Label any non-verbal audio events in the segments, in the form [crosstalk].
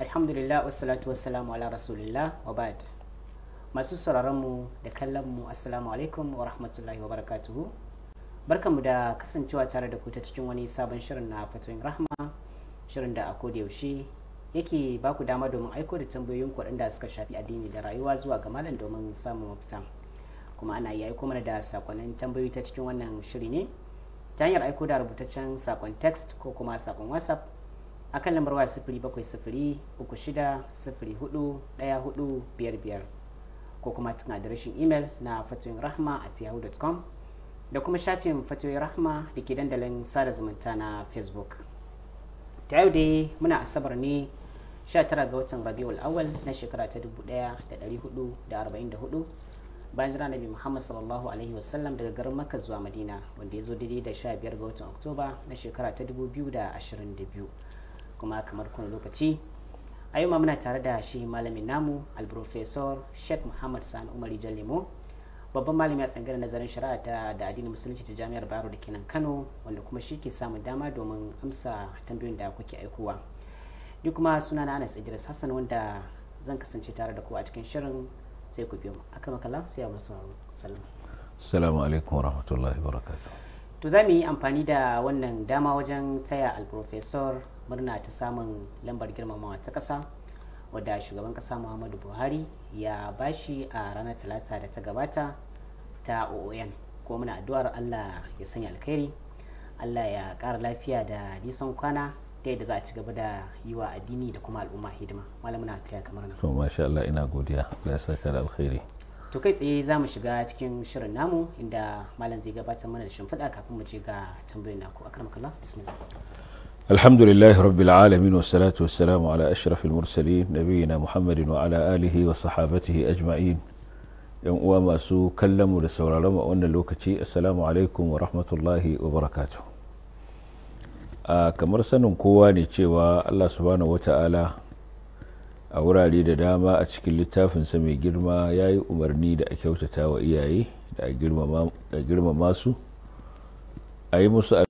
alhamdulillah wassalatu wassalamu ala rasulillah wa ba'd masu sauraron mu da kallon mu assalamu alaikum wa rahmatullahi wa barakatuhu barkamu da kasancewa tare da ku ta cikin wani sabon shirin na fatoyin rahma shirin da a koda yaushe yake ba ku dama domin aiko da tambayoyin ku da suka shafi addini da rayuwa zuwa ga malam domin samun mafita kuma ana iya aiko mana da sakonnin tambayoyi ta cikin wannan shiri ne ta hanyar aiko da rubutaccen sakon text ko kuma sakon whatsapp a kan lambar waya sifiri bakwai sifiri uku shida sifiri hudu daya hudu biyar biyar ko kuma cikin adireshin imel na fatoyin rahma a tiyahu.com da kuma shafin fatoyin rahma da ke dandalin sada zumunta na facebook ta yau dai muna asabar ne 19 ga watan rabiul awal na shekara ta 1444 bayan jira nabi muhammad sallallahu alaihi wasallam daga garin makka zuwa madina wanda ya zo daidai da 15 ga watan oktoba na shekara ta 2022 kuma kamar kun lokaci a yau ma muna tare da shi malamin namu alprofesor sheikh muhammad sani umar lemo babban malami a tsangaren nazarin shari'a ta da addinin musulunci ta jami'ar baro da kenan kano wanda kuma shi ke samun dama domin amsa tambayoyin da kuke aikowa ni kuma suna na anas idris hassan wanda zan kasance tare da ku a cikin shirin sai ku biyo mu makala sai a masu salam assalamu alaikum warahmatullahi wabarakatuh to za mu yi amfani da wannan dama wajen taya alprofesor murna ta samun lambar girmamawa ta kasa wadda shugaban kasa muhammadu buhari ya bashi a ranar talata da ta gabata ta oon ko muna addu'ar allah ya sanya alkhairi allah ya kara lafiya da nisan kwana ta yadda za a ci gaba da yi wa addini da kuma al'umma hidima malam ta taya kamar nan to masha allah ina godiya da ya saka da alkhairi to kai tsaye za mu shiga cikin shirin namu inda malam zai gabatar mana da shimfiɗa kafin mu je ga tambayoyin naku akram bismillah الحمد لله رب العالمين ala والسلام على أشرف المرسلين نبينا محمد وعلى آله وصحابته أجمعين yan uwa masu kallon mu da sauraron mu a wannan lokaci assalamu alaikum wa rahmatullahi wa barakatuh a kamar sanin kowa ne cewa Allah subhanahu wata'ala a wurare da dama a cikin littafinsa mai girma ya yi umarni da a kyautata wa iyaye da a girmama su a yi musu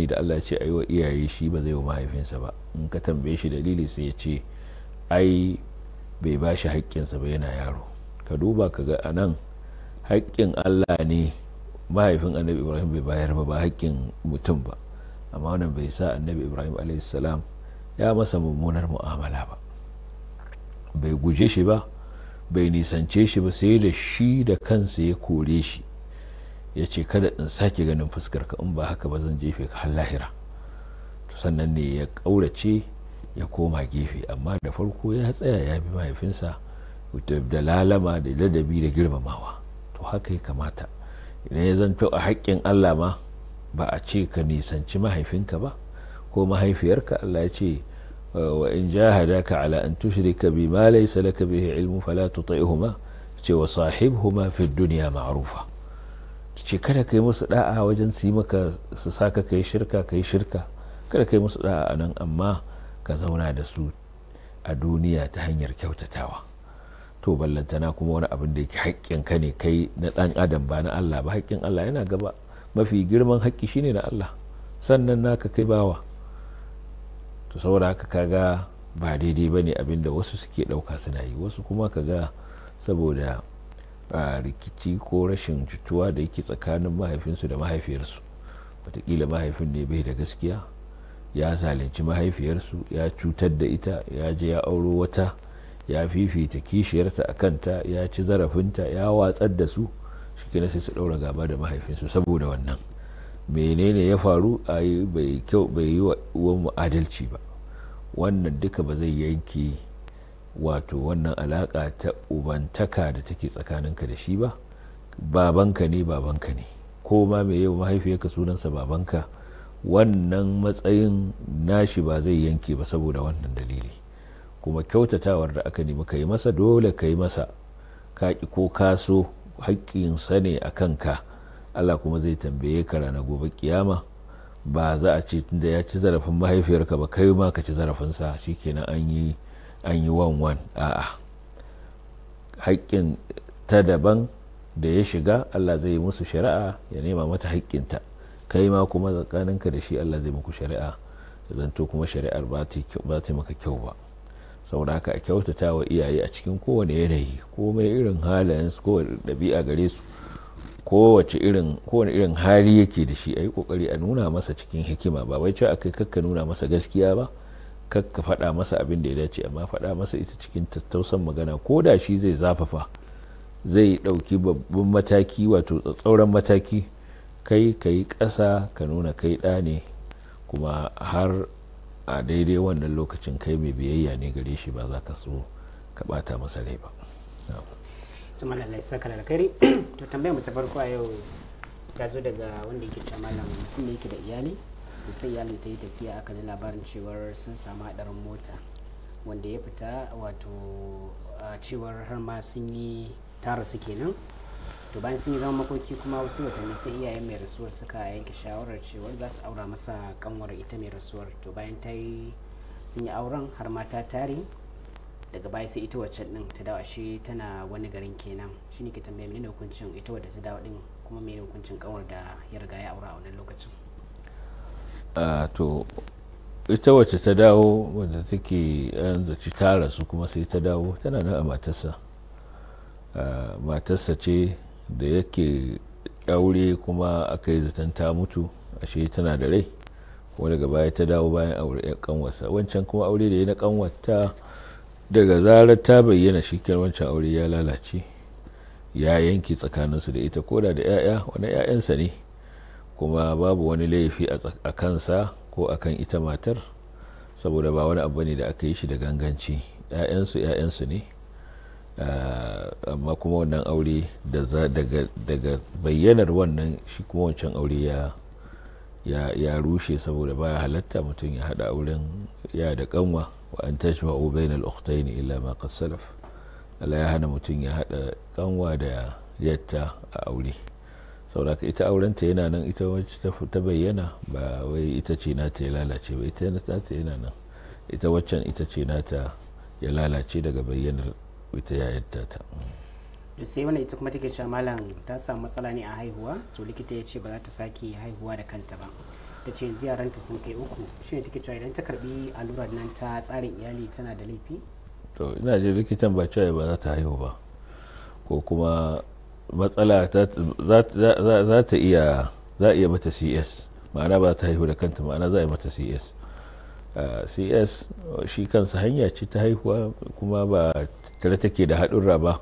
ni da Allah ce ai wa iyaye shi ba zai wa mahaifinsa ba in ka tambaye shi dalili sai ya ce ai bai ba shi haƙƙinsa ba yana yaro ka duba ka ga anan haƙƙin Allah ne mahaifin annabi ibrahim bai bayar ba ba haƙƙin mutum ba amma wannan bai sa annabi ibrahim salam ya masa mummunar mu'amala ba bai guje shi ba bai nisance shi ba sai da shi da kansa ya kore shi ya ce kada in sake ganin fuskar ka in ba haka ba zan jefe ka har lahira to sannan ne ya ƙaurace ya koma gefe amma da farko ya tsaya ya bi mahaifinsa da lalama da ladabi da girmamawa to haka ya kamata idan ya zanto a haƙƙin allah ma ba a ce ka nisanci mahaifinka ba ko mahaifiyarka allah ya ce wa in ka ala an tushrika bi ma laysa laka bihi ilmu fala tuti'huma ce wa sahibhuma fi dunya ma'rufa ce kada ka yi musu da'a wajen su yi maka su saka ka yi shirka ka yi shirka kada ka yi musu da'a a nan amma ka zauna da su a duniya ta hanyar kyautatawa to ballantana kuma wani abin da yake haƙƙin ka ne kai na ɗan adam ba na Allah ba haƙƙin Allah yana gaba mafi girman haƙƙi shine na Allah sannan naka kai bawa to saboda haka kaga ba daidai ba ne abin da wasu suke ɗauka suna yi wasu kuma kaga saboda A rikici ko rashin jituwa da yake tsakanin mahaifinsu da mahaifiyarsu watakila mahaifin ne bai da gaskiya ya zalunci mahaifiyarsu ya cutar da ita ya je ya auro wata ya fifita kishiyarta a kanta ya ci zarafinta ya watsar da su shi sai su ɗaura gaba da mahaifinsu saboda wannan menene ya faru a bai yi wa uwanmu adalci ba wannan duka ba zai yanke wato wannan alaƙa ta ubantaka da take tsakaninka da shi ba babanka ne babanka ne ko ma mai yau mahaifiyarka sunansa babanka wannan matsayin nashi ba zai yanke ba saboda wannan dalili kuma kyautatawar da aka nemi ka yi masa dole ka yi masa ka ko ka so haƙƙinsa ne a kanka allah kuma zai tambaye ka rana gobe kiyama ba za a ce da ya ci zarafin mahaifiyarka ba kai ma ka ci zarafinsa shikenan an yi an yi wanwan a'a haƙƙin ta daban da ya shiga Allah zai yi musu shari'a ya nema mata haƙƙinta kai ma kuma tsakaninka da shi Allah zai muku shari'a ya zanto kuma shari'ar ba ta maka kyau ba saboda haka a kyautata wa iyaye a cikin kowane yanayi komai irin halayen su kowane ɗabi'a gare su kowace irin kowane irin hali yake da shi a yi ƙoƙari a nuna masa cikin hikima ba wai cewa kai kakka nuna masa gaskiya ba kar ka faɗa masa abin da ya dace amma faɗa masa ita cikin tattausan magana ko da shi zai zafafa zai ɗauki babban mataki wato tsatsauran mataki kai ka yi ƙasa ka nuna kai ɗa ne kuma har a daidai wannan lokacin kai mai biyayya ne gare shi ba za ka so ka ɓata masa rai ba saka tambayar mu ta farko a yau ya zo daga wanda yake cewa malam mutum yake da iyali to sai iyalin ta yi tafiya aka ji labarin cewar sun samu haɗarin mota wanda ya fita wato cewar har ma sun yi tara su kenan to bayan sun yi zama makoki kuma wasu watanni sai iyayen mai rasuwar suka yanke shawarar cewar za su aura masa kanwar ita mai rasuwar to bayan ta yi sun yi auren har ma ta tare daga baya sai ita wacce din ta dawo ashe tana wani garin kenan shine ke tambaye mene hukuncin ita wadda ta dawo din kuma mene hukuncin kanwar da ya riga ya aura a wannan lokacin a to ita wacce ta dawo wadda take eh, an zaci ta rasu kuma sai ta dawo tana nan a matarsa matarsa ce da yake aure kuma aka yi zaton ta mutu ashe tana da rai kuma daga baya ta dawo bayan aure ya kanwarsa wancan kuma aure da ya na kanwata daga zarar ta bayyana shi wancan aure ya lalace ya yanke tsakaninsu da ita koda da 'ya'ya wani 'ya'yansa ne kuma babu wani laifi a kansa ko a kan ita matar saboda ba wani abu ne da aka yi shi da ganganci 'ya'yansu 'ya'yansu ne ah, amma kuma wannan aure daga bayyanar wannan shi kuma wancan aure ya rushe saboda baya halatta mutum ya haɗa auren ya da kanwa wa an tajma'u bainal ukhtayn illa ma qad salaf Allah ya hana mutum ya haɗa kanwa da yatta a aure sauraka ita ta yana nan ita wacce ta bayyana ba wai ita ce na ta ya lalace ba ita ta yana nan ita waccan ita ce na ta ya lalace daga bayyanar ita yadda ta sai wannan ita kuma take cewa malam ta samu matsala ne a haihuwa to likita ya ce ba za ta sake haihuwa da kanta ba ta ce yanzu yaranta sun kai uku shi ne take cewa idan ta karbi allurar nan ta tsarin iyali tana da laifi to ina je likitan ba cewa ba za ta haihu ba ko kuma matsala za ta iya za iya mata cs ma'ana ba ta haihu da kanta ma'ana za a yi mata cs ah, cs shi kansa hanya ce ta haihuwa kuma ba tare take da haɗurra ba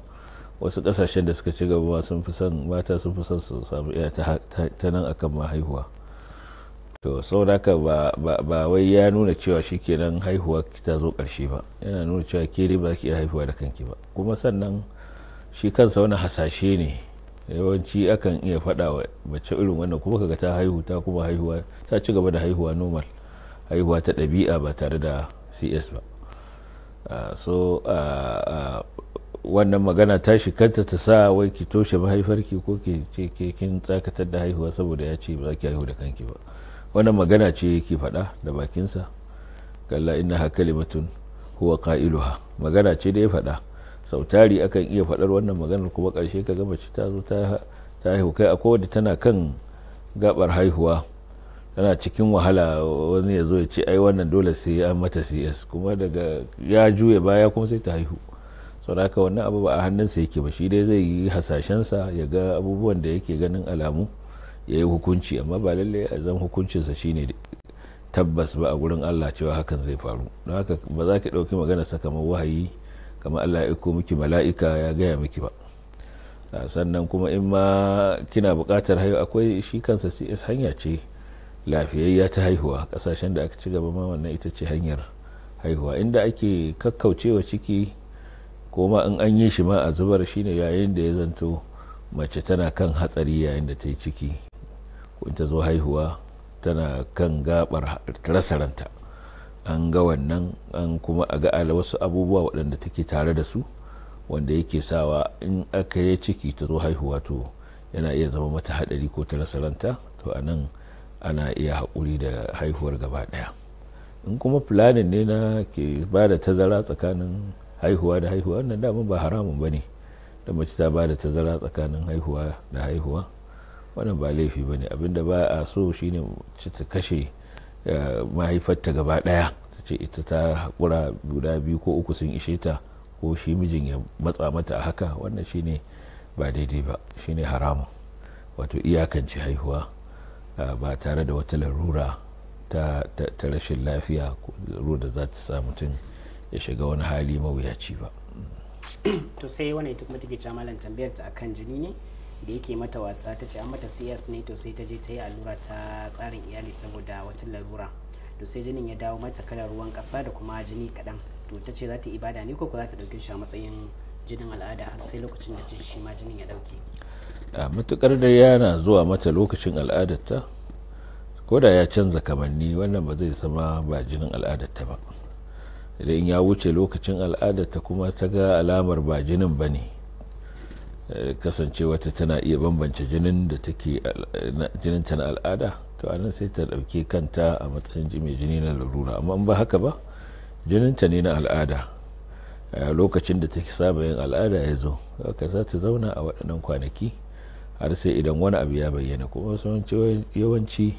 wasu ƙasashen da suka ci gaba sun fi son mata sun fi son su samu iya ta nan akan ma haihuwa to sauraka ba wai ya nuna cewa shi kenan haihuwa ta zo ƙarshe ba yana nuna cewa ke ba ki haihuwa da kanki ba kuma sannan shi kansa wani hasashe ne yawanci akan iya faɗa wa mace irin wannan kuma kaga ta haihu ta kuma haihuwa ta ci gaba da haihuwa normal haihuwa ta ɗabi'a ba tare da cs ba ah, so ah, ah, wannan magana ta shi kanta ta sa wai ki toshe mahaifarki ko ki ce ke kin tsakatar da haihuwa saboda ya ce ba ki haihu da kanki ba wannan magana ce ki faɗa da bakinsa kalla inna hakali batun huwa qailuha magana ce da ya faɗa sautari akan iya faɗar wannan maganar kuma ƙarshe ka gama ci ta zo ta haihu kai akwai wadda tana kan gabar haihuwa tana cikin wahala wani ya zo ya ce ai wannan dole sai an mata cs kuma daga ya juya baya kuma sai ta haihu saboda haka wannan abu ba a hannunsa yake ba shi dai zai yi hasashen sa ya ga abubuwan da yake ganin alamu ya yi hukunci amma ba lallai a zan hukuncinsa shine tabbas ba a gurin allah cewa hakan zai faru don haka ba za ka ɗauki magana sakamakon wahayi kamar Allah ya aiko miki mala'ika ya gaya miki ba ah, sannan kuma in ma kina buƙatar haihuwa akwai shi kansa cs hanya ce lafiyayya ta haihuwa ƙasashen da aka ci gaba ma wannan ita ce hanyar haihuwa inda ake kakkaucewa ciki ko ma in an yi shi ma a zubar shine yayin da ya zanto mace tana kan hatsari yayin da ta yi ciki ko in ta zo haihuwa tana kan gabar rasa an ga wannan an kuma a ga ala wasu abubuwa waɗanda take tare da su wanda yake sawa in aka yi ciki ta zo haihuwa to yana iya zama mata haɗari ko ta rasaranta to a nan ana iya haƙuri da haihuwar gaba ɗaya in kuma planning ne na ke ba da tazara tsakanin haihuwa da haihuwa wannan dama ba haramun ba ne da mace ta ba da tazara tsakanin haihuwa da haihuwa wannan ba laifi ba ne abinda ba a so shine ta kashe mahaifarta gaba ɗaya ta ce ita ta haƙura guda biyu ko uku sun ishe ta ko shi mijin ya matsa mata a haka wannan shine ba daidai ba shine haramun wato iyakance haihuwa ba tare da wata larura ta rashin lafiya ko larura da za ta sa mutum ya shiga wani hali mawuyaci ba to sai wani ita kuma take malam tambayar ta akan jini ne da yake mata wasa ta ce an mata cs ne to sai ta je ta yi allura ta tsarin iyali saboda wata larura to sai jinin ya dawo mata kalar ruwan kasa da kuma jini kaɗan to ta ce za ta ibada ne ko ko za ta ɗauke shi a matsayin jinin al'ada har sai lokacin da shi ma jinin ya ɗauke a matukar da yana zuwa mata lokacin al'adarta ko da ya canza kamanni wannan ba zai zama ba jinin al'adarta ba idan ya wuce lokacin al'adarta kuma ta ga alamar ba jinin ba ne Eh, kasance wata tana iya bambance jinin eh, ta na al'ada to a nan sai ta ɗauke kanta a matsayin mai jini na larura amma ba haka ba jinin ta ne na al'ada eh, lokacin da take saba yin al'ada ya zo ka za ta zauna a waɗannan kwanaki har sai idan wani abu ya bayyana kuma yawanci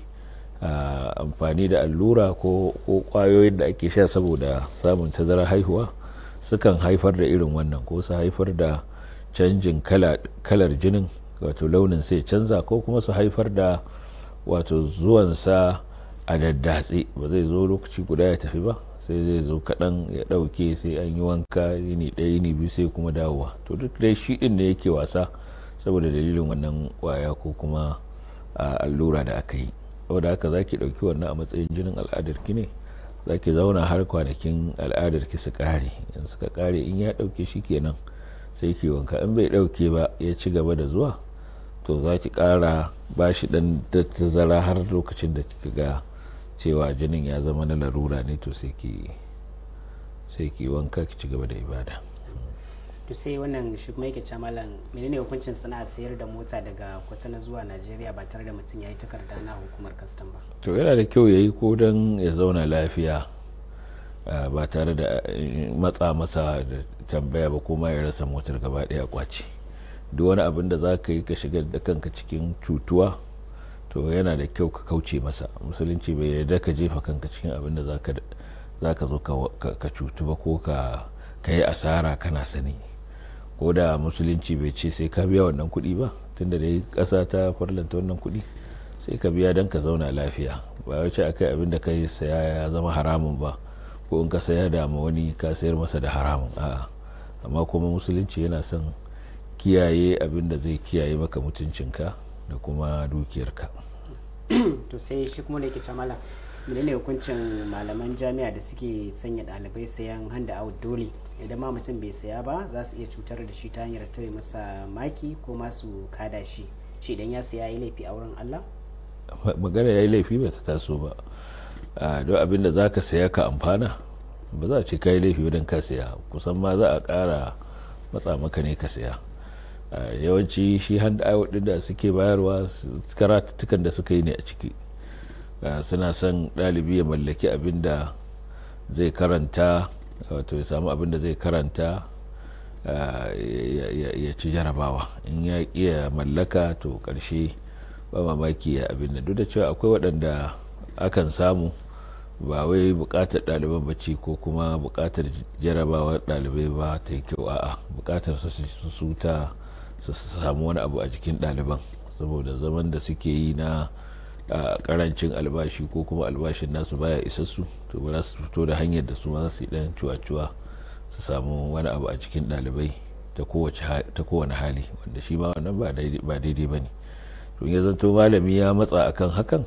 ah, amfani da allura ko kwayoyin da ake sha saboda samun tazarar haihuwa sukan haifar da irin wannan ko su haifar da canjin kalar jinin wato launin sai canza ko kuma su haifar da wato zuwansa a daddatse ba zai zo lokaci guda ya tafi ba sai zai zo kaɗan ya ɗauke sai an yi wanka yini ɗaya yini biyu sai kuma dawowa to duk dai shi ɗin da yake wasa saboda dalilin wannan waya ko kuma allura da aka yi saboda haka za ki ɗauki wannan a matsayin jinin al'adarki ne za ki zauna har kwanakin al'adarki su kare in suka kare in ya ɗauke shi kenan sai ke wanka in bai ɗauke ba ya ci gaba da zuwa to za ki ƙara ba shi ɗan tazara har lokacin da kika ga cewa jinin ya zama na larura ne to sai ki sai ki wanka ki ci gaba da ibada to sai wannan shi kuma yake chamalan menene hukuncin sana'a sayar da mota daga kwatana zuwa najeriya ba tare da mutum yayi takarda na hukumar kastam ba to yana da kyau yayi ko dan ya zauna lafiya Eh, ba tare da eh, matsa masa da tambaya ba kuma ya rasa motar gaba daya kwace duk wani abin da za ka yi ka shiga da kanka cikin cutuwa to yana da kyau ka kauce masa musulunci bai yarda ka jefa kanka cikin abin da za ka zo ka cutu ba ko ka yi asara kana sani ko da musulunci bai ce sai ka biya wannan kuɗi ba tunda da yi ƙasa ta farlanta wannan kuɗi sai ka biya don ka zauna lafiya ba wace akai abin da ka yi saya ya zama haramun ba ko in ka saya da ma wani ka sayar masa da haramun a'a amma kuma musulunci yana son kiyaye abin da zai kiyaye maka mutuncinka da kuma dukiyarka [coughs] to sai shi kuma da yake camala menene hukuncin malaman jami'a da suke sanya ɗalibai sayan handa out dole idan ma mutum bai saya ba za su iya cutar da shi ta hanyar tare masa maki ko masu kada shi shi idan ya saya ya laifi a wurin allah magana ya yi laifi bai ta taso ba don abin da za ka saya ka amfana ba za a ce ka yi laifi wajen ka saya kusan ma za a ƙara matsa maka ne ka saya yawanci shi hand out da suke bayarwa karatuttukan da suka yi ne a ciki suna son ɗalibi ya mallaki abin da zai karanta wato ya samu abin da zai karanta ya ci jarabawa in ya iya mallaka to karshe ba mamaki ya abin da duk da cewa akwai waɗanda akan samu ba wai bukatar ɗaliban bacci ko kuma bukatar jarabawa ɗalibai ba ta yi kyau a'a bukatar su ta su samu wani abu a jikin ɗaliban saboda zaman da suke yi na karancin albashi ko kuma albashin nasu baya isassu to ba za su fito da hanyar da su ma su dan cuwa-cuwa su samu wani abu a cikin ɗalibai ta kowane hali wanda shi ma wannan ba daidai ba ne to ya zanto malami ya matsa akan hakan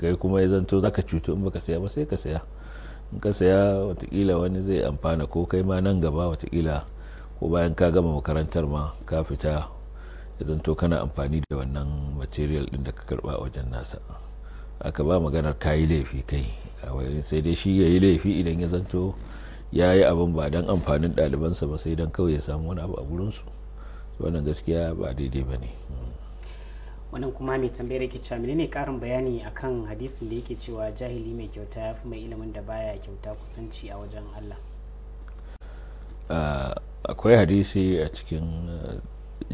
kai kuma ya zanto zaka cuto in baka saya ba sai ka saya in ka saya watakila wani zai amfana ko kai ma nan gaba watakila ko bayan ka gama makarantar ma ka fita ya zanto kana amfani da wannan material din da ka karba a wajen nasa aka ba maganar ka yi laifi kai sai dai shi ya yi laifi idan ya zanto ya yi abin ba don amfanin ɗalibansa ba sai don kawai ya samu wani abu a gurinsu wannan gaskiya ba daidai ba ne. Hmm. wannan kuma mai tambayar yake cewa menene karin bayani akan hadisin da yake cewa jahili mai kyauta ya fi mai ilimin da baya kyauta kusanci a wajen Allah ah, akwai hadisi a cikin eh,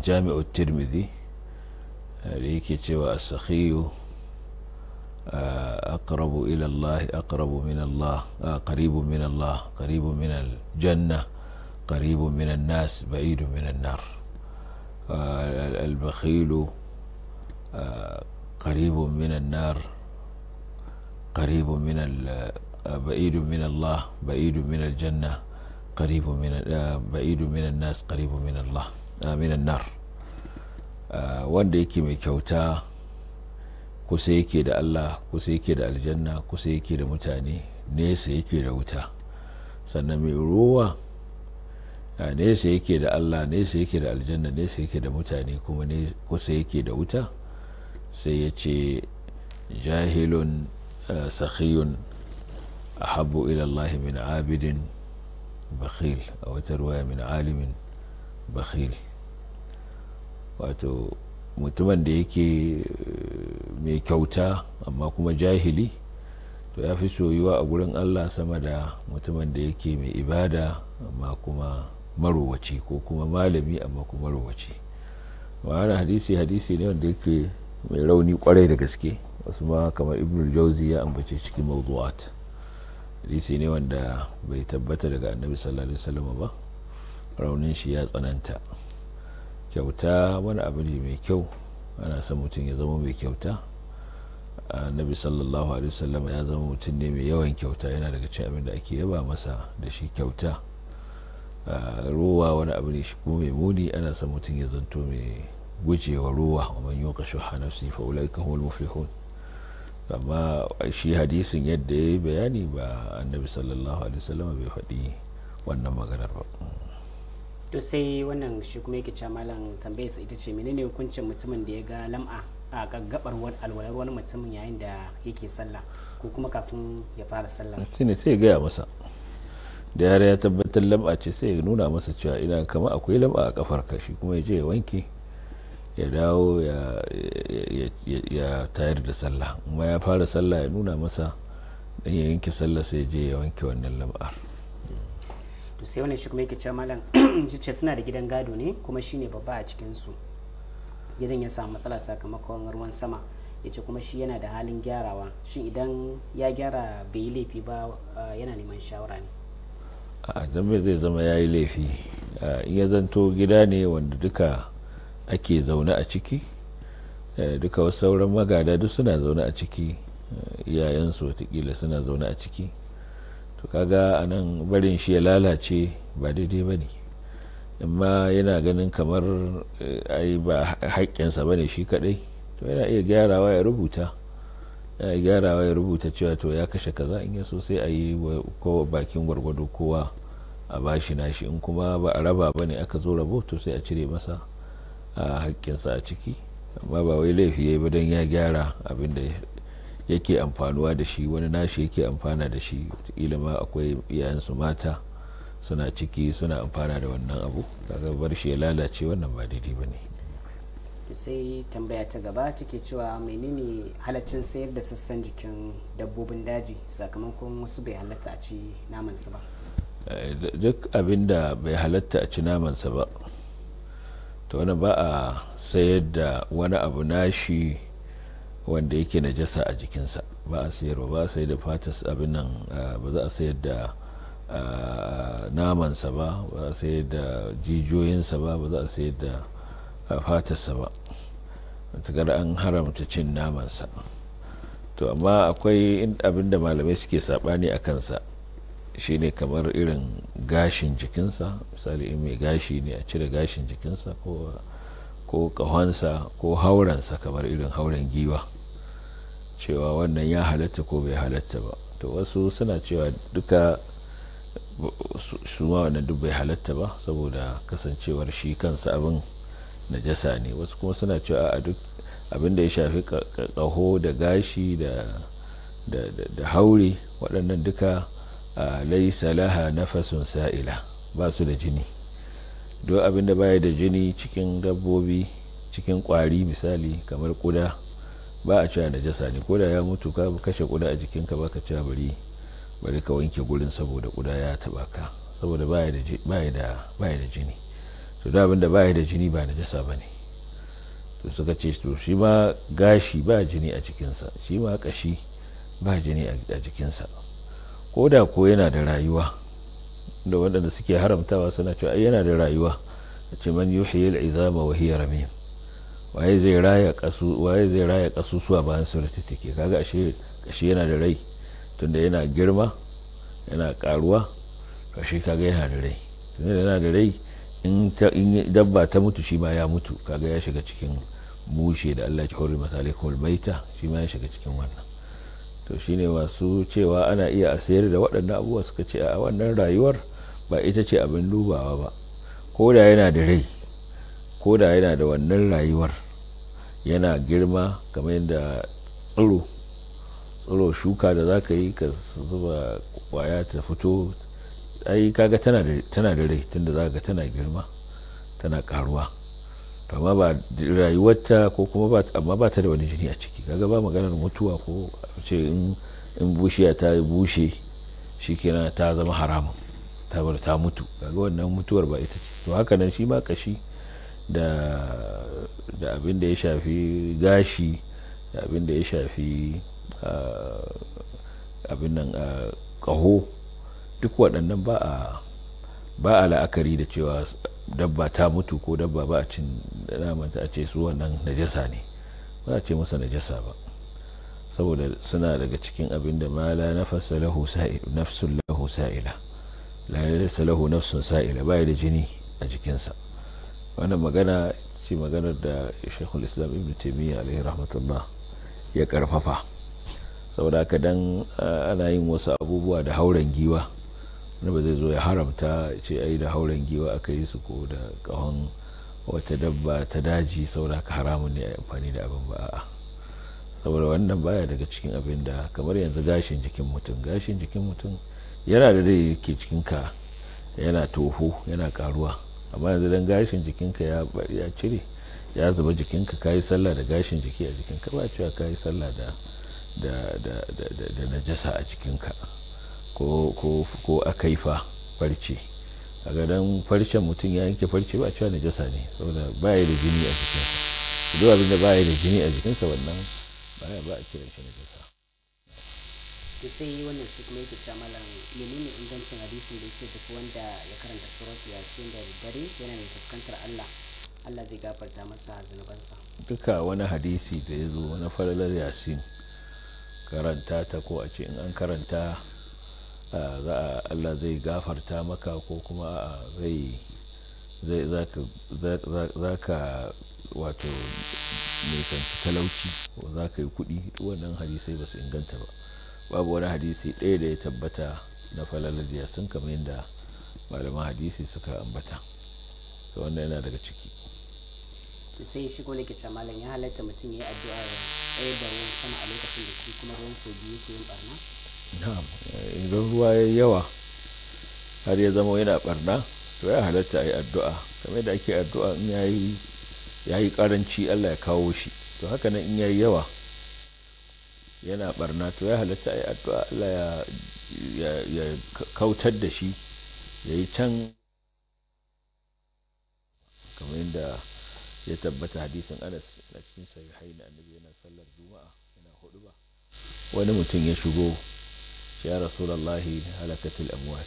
jami'ar tirmidhi eh, da yake cewa as-sakhiyu ah, aqrabu ila Allah aqrabu min Allah ah, qaribu min Allah qaribu min al-janna qaribu min an-nas ba'idu min an-nar qaribun minan nar qaribun minal ba'idun min Allah ba'idun min aljanna nas qaribun min nar wanda yake mai kyauta kusa yake da Allah kusa yake da aljanna kusa yake da mutane nesa da wuta sannan mai ruwa nesa yake da Allah nesa yake da aljanna nesa yake da mutane kuma kusa yake da wuta sai ya ce jahilun eh, sakhiyun ahabu ilallahi min abidin bakhil a wata ruwaya min alimin bakhil wato mutumin da yake eh, mai kyauta amma kuma jahili to ya fi soyuwa a gurin allah sama da mutumin da yake mai ibada amma kuma marowaci ko kuma malami amma kuma marowaci ma'ana hadisi hadisi ne wanda yake mai rauni kwarai da gaske wasu ma kamar ibn jauzi ya ambace cikin mawdu'at hadisi ne wanda bai tabbata daga annabi sallallahu alaihi wasallam ba raunin shi ya tsananta kyauta wani abu ne mai kyau ana son mutum ya zama mai kyauta annabi sallallahu alaihi wasallam ya zama mutum ne mai yawan kyauta yana daga cikin abin da ake yaba masa da shi kyauta ruwa wani abu ne shi ko mai muni ana son mutum ya zanto mai gujewa ruwa wa man yuqa shuha nafsi fa ulaika humul muflihun amma shi hadisin yadda ya yi bayani ba annabi sallallahu alaihi wasallam bai faɗi wannan maganar ba to sai wannan shi kuma yake cewa malam tambayar sa ita ce menene hukuncin mutumin da ya ga lam'a a gaggabar alwalar wani mutumin yayin da yake sallah ko kuma kafin ya fara sallah ne sai ya gaya masa da yare ya tabbatar lam'a ce sai ya nuna masa cewa idan kama akwai lam'a a kafar kashi shi kuma ya je ya wanke ya dawo ya tayar da sallah kuma ya fara sallah ya nuna masa dan ya yanke sallah sai je ya wanke wannan lam'ar to sai wani shi kuma yake cewa malam [clears throat] ce suna da gidan gado ne kuma shi ne babba a cikin su gidan ya samu matsala sakamakon ruwan sama ya ce kuma shi yana da halin gyarawa shin idan ya gyara bai yi laifi ba yana neman shawara ne a zai zama ya yi laifi in zanto gida ne wanda duka ake zaune a ciki eh, duka wasu sauran magada duk suna zaune a ciki eh, iyayensu watakila suna zaune a ciki to kaga a nan barin shi ya lalace ba daidai ba ne amma yana ganin kamar eh, ai ba haƙƙinsa ba ne shi kaɗai to yana iya gyarawa ya rubuta yana gyarawa ya rubuta cewa to ya kashe kaza in ya so sai a yi bakin gwargwado kowa a bashi nashi in kuma ba a raba ba ne aka zo rabo to sai a cire masa sa a ciki amma ba wai laifi ya yi ba don ya gyara abin da yake amfanuwa da shi wani nashi yake amfana da shi wataƙila ma akwai iyayensu mata suna ciki suna amfana da wannan abu kaga bar shi ya lalace wannan ba daidai ba ne sai tambaya ta gaba take cewa menene halaccin sayar da sassan jikin dabbobin daji sakamakon wasu bai halatta a ci namansa ba eh, duk abin bai halatta a ci namansa ba to wani ba a sayar da wani abu nashi wanda yake na jasa a jikinsa ba a sayar ba a sayar da fatas abin nan ba za a sayar da namansa ba ba za a sayar da jijiyoyinsa ba ba za a sayar da fatarsa ba matakar an haramta cin namansa to amma akwai abinda malamai suke saɓani a kansa shi ne kamar irin gashin jikinsa misali in mai gashi ne a cire gashin jikinsa ko kahonsa ko haurensa kamar irin hauren giwa cewa wannan ya halatta ko bai halatta ba to wasu suna cewa duka su ma wannan duk bai halatta ba saboda kasancewar shi kansa abin najasa ne wasu kuma suna cewa a duk abin da ya shafi kaho da gashi da haure waɗannan duka laisa laha nafasun sa'ila ba su da jini duk da baya da jini cikin dabbobi cikin kwari misali kamar kuda ba a cewa najasa ne koda ya mutu ka kashe kuda a jikinka ba ka cewa bari bari ka wanke gurin saboda kuda ya taba ka saboda baya da baya da baya da jini to da baya da jini ba najasa bane to suka ce to shi ma gashi ba jini a cikinsa shi ma kashi ba jini a jikinsa ko da ko yana da rayuwa da waɗanda suke haramtawa suna cewa ai yana da rayuwa ce man yuhyi izama wa hiya ramim waye zai raya kasu waye zai raya kasusuwa bayan sun kaga ashe kashi yana da rai tunda yana girma yana karuwa ashe kaga yana da rai tunda yana da rai in dabba ta mutu shi ma ya mutu kaga ya shiga cikin mushe da Allah ya hori masalikul baita shi ma ya shiga cikin wannan to shine masu cewa ana iya a sayar da waɗannan abubuwa suka ce a wannan rayuwar ba ita ce abin dubawa ba ko da yana da rai ko da yana da wannan rayuwar yana girma kamar yadda tsiro tsiro shuka da za ka yi ka zuba kwaya ta fito ai kaga tana da rai tunda za ka tana girma tana karuwa amma ba rayuwarta ko kuma ba amma ba ta da wani jini a ciki kaga ba maganar mutuwa ko ce in in bushiya ta bushe shikenan ta zama haramun ta bar ta mutu kaga wannan mutuwar ba ita ce to haka nan shi ma kashi da da abin da ya shafi gashi da abin da ya shafi ah, abin nan kaho ah, duk waɗannan ba a ba a la'akari da cewa dabba ta mutu ko dabba ba a cin namanta a ce su wannan najasa ne ba a ce masa najasa ba saboda suna daga cikin abin da ma la nafasa lahu nafsun lahu sa'ila la nafsa lahu nafsun sa'ila ya da jini a jikinsa wannan magana ce maganar da shekul islam ibn taimiyya alaihi rahmatullah ya karfafa saboda haka dan ah, ana yin wasu abubuwa da hauren giwa wani ba zai zo ya haramta ce yi da hauren giwa aka yi su ko da kahon wata dabba ta daji saura ka haramun ne a amfani da abin ba a saboda wannan baya daga cikin abin da kamar yanzu gashin jikin mutum gashin jikin mutum yana da dai ke cikinka yana toho yana karuwa amma yanzu dan gashin jikinka ya cire ya zuba jikinka kayi sallah da gashin jiki a jikinka ba cewa kayi sallah da da da da najasa a jikinka ko a kaifa farce a gadon farcen mutum ya yanke farce ba cewa najasa ne saboda baya da jini a jikinsa duk abin da baya da jini a jikinsa wannan baya ba a kiran shi najasa da sai wannan shi kuma yake shamala malam menene ingancin hadisin da yake duk wanda ya karanta surat sun da dare yana mai fuskantar Allah Allah zai gafarta masa zunubansa duka wani hadisi da ya zo wani falalar yasin karanta ta ko a ce in an karanta Allah zai gafarta maka ko kuma zai za ka wato nisanci talauci ko za ka yi kuɗi wannan hadisai ba su inganta ba babu wani hadisi ɗaya da ya tabbata na falaladiya sun kamar yadda malaman hadisi suka ambata to wannan yana daga ciki sai shi kuma likita malam ya halatta mutum ya yi addu'a ya da ruwan sama a lokacin da shi kuma ruwan kogi yake yin barna idan ruwa ya yawa har ya zama yana barna to ya halatta a yi addu'a kamar da ake addu'a in ya yi karanci allah ya kawo shi to haka nan in ya yi yawa yana barna to ya halatta a yi addu'a allah ya kautar da shi ya yi can kamar yadda ya tabbata hadisin anas na cikin sahihai na annabi yana sallar juma'a yana hudu ba wani mutum ya shigo يا رسول الله هلكت الأموال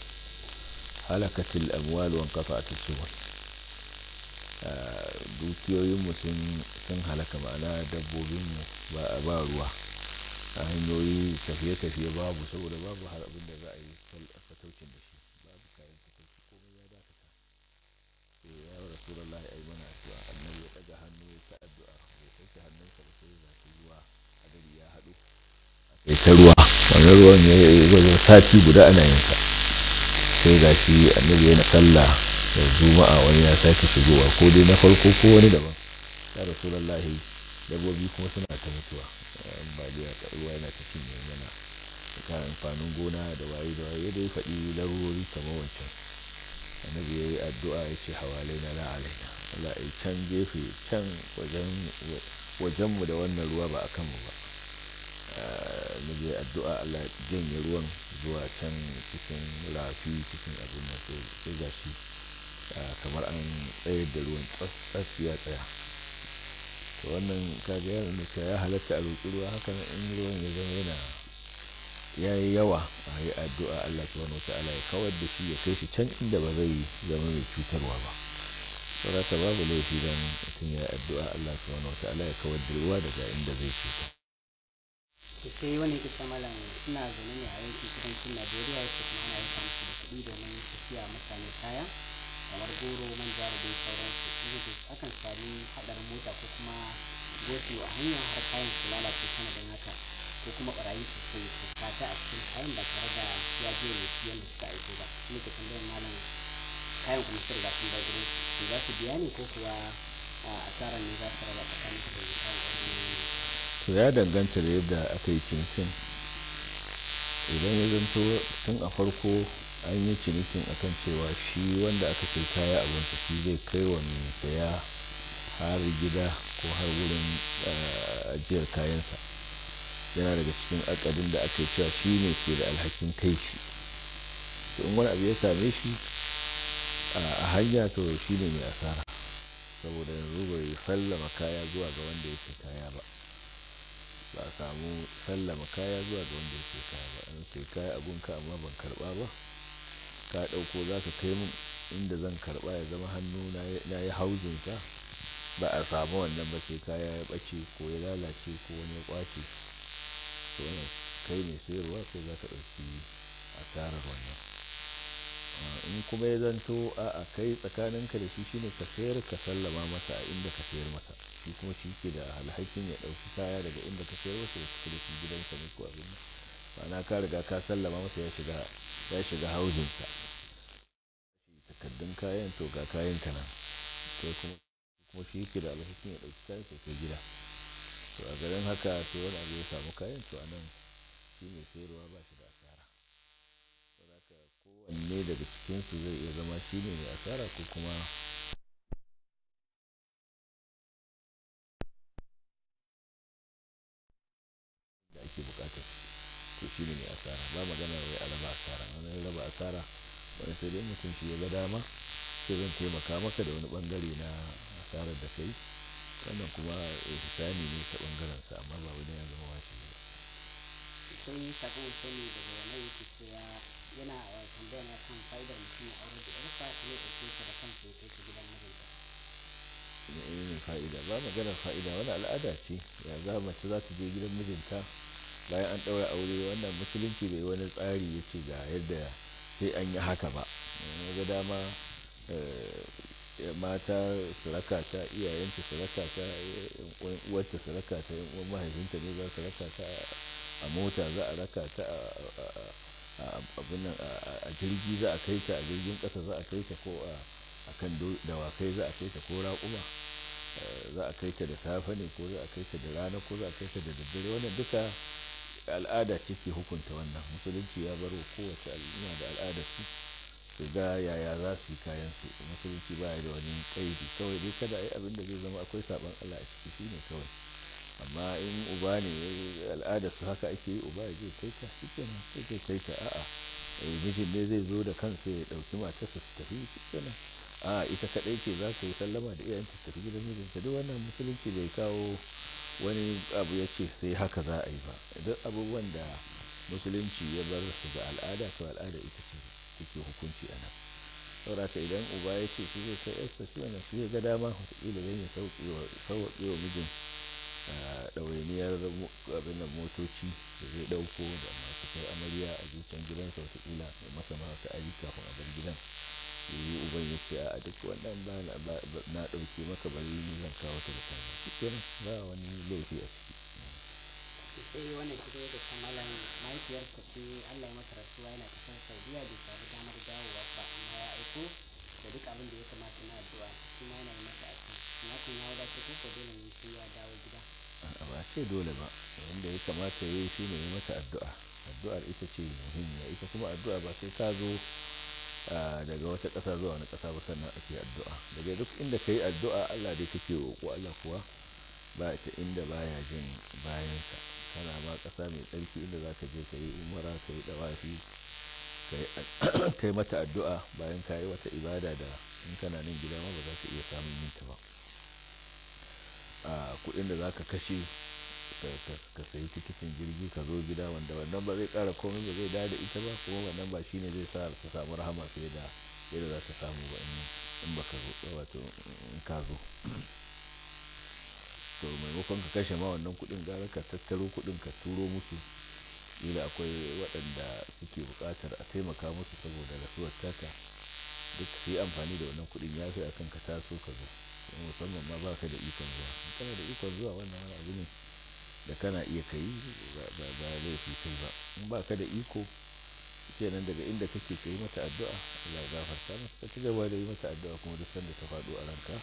هلكت الأموال وانقطعت السبل آه، دوتيو يوم سن سن هلك معنا دبو بيمو باروا أهنو تفية تفية بابو سورة بابو حرق بنا رأي فتوشن بشي بابو كاين تفية كومي يا داكتا يا رسول الله أي منع سوا النبي قد هنو يتأدو أخي حيث هنو سبسوي ذاتي وعدد يا هدو أتروا wannan ruwan ya yi wajen sati guda ana yin sai ga shi annabi yana sallah da juma'a wani ya sake shigowa ko dai na farko ko wani daban ya lahi dabbobi kuma suna ta mutuwa da ambaliya ruwa yana ta cinye mana ka amfanin gona da waye da waye dai faɗi larurori kamar wancan annabi ya yi addu'a ya ce hawalai na la'alaina Allah ya can gefe can wajen mu da wannan ruwa ba a kanmu ba Eh, mu je addu'a Allah janye ruwan zuwa can cikin rafi cikin abin nan sai ga shi eh, kamar an tsayar da ruwan tsas ya tsaya to wannan kaga ya nuna ya halatta a roƙi ruwa haka in ruwan ya zama yana ya yi yawa a yi addu'a Allah subhanahu ala ya kawar da shi ya kai shi can inda ba zai zama mai cutarwa ba saboda babu laifi don mutum ya yi addu'a Allah subhanahu ala ya kawar da ruwa daga inda zai cuta to sai wani ke ta malam suna zaune ne a yanki kudancin najeriya yake kuma ana yi musu da kuɗi domin su siya mutane kaya kamar goro manja da sauransu su akan sami haɗarin mota ko kuma gosu a hanyar har kayan su lalace don haka ko kuma barayi su sai su kata a cikin kayan ba tare da ya je ne yadda suka aiko ba ne ka tambayar malam kayan kuma su riga sun bar gurin su za su biya ne ko kuwa asarar ne za su raba tsakanin su da kayan to ya danganta da yadda aka yi cinikin idan ya zanto tun a farko an yi cinikin akan cewa shi wanda aka ce kaya abinci shi zai kai wa mai saya har gida ko har wurin eh, ajiyar kayansa yana daga cikin akadin da aka cewa shi ne ke da alhakin kai shi to in wani abu ya same shi a hanya to shi ne mai asara saboda yanzu bai sallama kaya zuwa ga wanda yake kaya ba ba a samu sallama kaya zuwa ga wanda yake kaya ba an sai kaya abunka gunka amma ban karɓa ba ka ɗauko za ka kai min inda zan karba ya zama hannu na yi hauzinsa ba a samu wannan ba sai kaya ya ɓace ko ya lalace ko wani ya ƙwace to wannan kai mai sayarwa sai za ka ɗauki a tarar wannan ah, in kuma ya zanto a kai tsakaninka da shi shine ka sayar ka sallama masa a inda ka sayar masa shi kuma shi ke da alhakin ya ɗauki kaya daga inda ka sayar wasu ya fita da shi gidansa ne ko abin ma'ana ka riga ka sallama masa ya shiga ya shiga haujinsa takardun kayan to ga kayan ka nan kai kuma shi ke da alhakin ya ɗauki kayan sai kai gida to a garin haka to wani abu ya samu kayan to a nan shi ne sayarwa ba shi da asara saboda kowanne daga cikinsu zai iya zama shi ne mai asara ko kuma asara wani sai dai mutum shi ya ga dama sai zan taimaka maka da wani bangare na asarar da kai wannan kuma ihsani ne ta bangaren sa amma ba wani ya zama wajibi ba sun sabon sani daga wani yake cewa yana eh, tambaya na kan fa'idar mutum ya aure da yarsa kuma ya ɗauke ta da kansa ya kai ta gidan mijinta na irin fa'ida ba maganar fa'ida wani al'ada ce ya za mace za ta je gidan mijinta bayan an ɗaura aure wannan musulunci bai wani tsari ya ce ga yadda sai an yi haka ba ga dama eh, mata su ta iyayenta su raka ta uwarta su raka ta uwan mahaifinta ne za su raka ta a mota za a raka ta a jirgi za a kai ta a jirgin kasa za a kai ta ko a kan dawakai za a kai ta ko raƙuma eh, za a kai ta da safe ne ko za a kai ta da rana ko za a kai ta da daddare wannan duka al'ada ce ke hukunta wannan musulunci ya bar kowace al'umma da al'ada su su ga yaya za su yi kayan su musulunci ba da wani kaidi kawai dai kada a abin da zai zama akwai saban Allah a ciki shi ne kawai amma in uba ne al'ada su haka ake yi uba zai kai ta shi nan sai zai kai ta a'a eh, mijin ne zai zo da kansa ya ɗauki matarsa su tafi shi nan a ita kaɗai ce za ta yi sallama da iyayenta ta tafi gidan mijinta duk wannan musulunci bai kawo wani abu ya ce sai haka za a yi ba idan abubuwan da musulunci ya bar su ga al'ada to al'ada ita ce take hukunci a nan sauraka idan uba ya ce su zai kai yarsa shi su ya ga dama wataƙila zai sauƙi wa mijin ɗawainiyar abin da motoci da zai ɗauko da masu kai amarya a zuciyar gidansa wataƙila mai masa mata ayi kafin a bar gidan sai uban ya ce a duk wannan ba na ɗauke maka bari ni zan kawo ta da kwana shi ba wani laifi a ciki sai wannan shi ne da kamalan mahaifiyarsa ce Allah ya mata rasuwa yana kasar Saudiya bai samu damar dawowa ba amma ya aiko da duk abinda ya kamata na addu'a ma yana yi mata na kun ya wadace ko ko dole ne sai ya dawo gida ba ce dole ba wanda ya kamata ya yi shi ne ya mata addu'a addu'ar ita ce muhimmiya ita kuma addu'a ba sai ka zo Ah, daga wata ƙasa zuwa wani ƙasa ba sannan ake addu'a daga duk inda ka yi addu'a allah dai kake roƙo allah kuwa ba ta inda baya jin bayansa kana ma ƙasa mai tsarki inda za ka je ka yi umara ka yi ɗawafi [coughs] ka yi mata addu'a bayan ka yi wata ibada da in kana nan gida ma ba za ka iya samun yin ta ba ah, kuɗin da za ka kashe ka sayi tikitin jirgi ka zo gida wanda wannan ba zai ƙara komai ba zai da ita ba kuma wannan ba shi ne zai sa ta samu rahama fiye da yadda za ta samu ba in baka zo wato in ka zo to maimakon ka kashe ma wannan kuɗin gara ka tattaro kuɗin ka turo musu ila akwai waɗanda suke buƙatar a taimaka musu saboda rasuwar taka duk su yi amfani da wannan kuɗin ya fi akan ka taso ka zo musamman ma ba ka da ikon zuwa kana da ikon zuwa wannan wani abu ne da kana iya ka yi ba laifi kai ba in ba ka da iko kenan daga inda kake ka yi mata addu'a Allah gafarta mata ka ci gaba da yi mata addu'a kuma duk sanda ta faɗo a ranka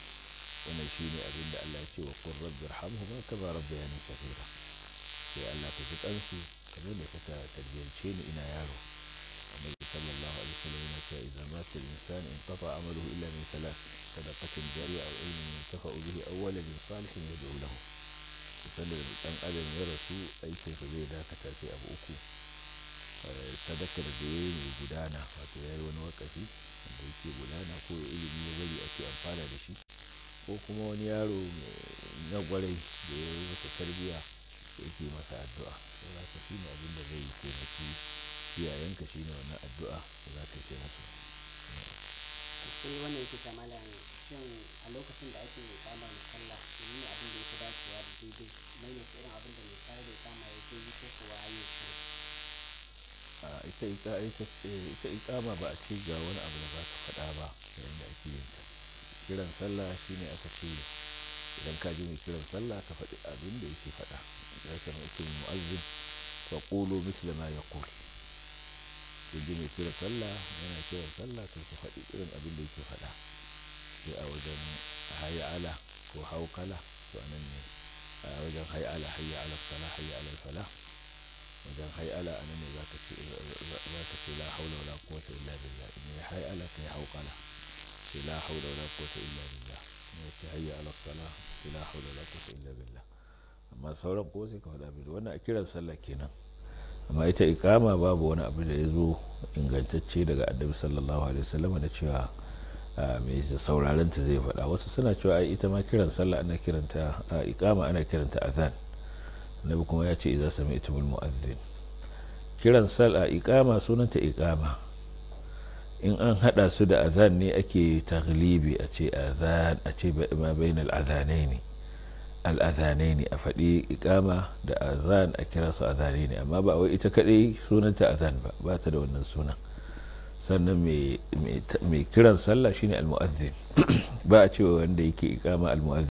wannan shine abin da Allah ya ce wa qur rabbi irhamhuma kama rabbayani ba sai Allah ka ji kansu ne da ta tarbiyance ni ina yaro annabi sallallahu alaihi wasallam yana cewa idan mata al-insan tafa amaluhu illa min thalath sadaqatin jariya aw ilmin yantafa bihi aw waladin salihin yad'u lahu da dan adam ya rasu aikin sa zai dakata sai abu uku sadakar eh, da ya mai gudana wato ya yi wani wakafi da yake gudana ko ilimi ya bari ake amfana da shi ko kuma wani yaro na gwarai da ya yi masa tarbiyya da yake masa addu'a ko za ka shine abin da zai taimaki iyayenka shine wannan addu'a da za ka yi musu shin a lokacin da ake kama da sallah domin abin da ya fi dacewa da daidai mai ne irin abin da mai kare da kama ya daidai ko kuwa ya yi ita ikama eh, ba a ce ga wani abu da ba ka faɗa ba yayin ake yin ta kiran sallah shine aka ce idan ka ji mai kiran sallah ka faɗi abin da yake faɗa ya kama ake mu'azzin fa qulu misla ma yaqul kun ji mai kiran sallah yana kiran sallah to ka faɗi irin abin da yake faɗa sai a wajen hayala ko haukala to anan ne a wajen hayala hayya ala fala hayya ala fala wajen ala anan ne zaka ce zaka ce la haula wala quwwata illa billah ne hayala kai haukala ce la haula wala quwwata illa billah ne ce hayya ala fala ce la haula wala quwwata illa billah amma sauran ko sai ka faɗa bil wannan a kiran sallah kenan amma ita ikama babu wani abu da ya zo ingantacce daga annabi sallallahu alaihi wasallam na cewa mai sauraron ta zai faɗa wasu suna cewa ai ita ma kiran sallah ana kiranta iqama ana kiranta azan nabi kuma ya ce idza sami'tumul mu'adhdhin kiran sallah ikama sunanta iqama in an haɗa su da azan ne ake taglibi a ce azan a ce ma bainal azanaini al ne a faɗi iƙama da azan a kira su ne amma ba wai ita kadai sunanta azan ba ba ta da wannan sunan sannan mai kiran sallah shine almu'azzin ba a cewa wanda yake ikama almu'azzin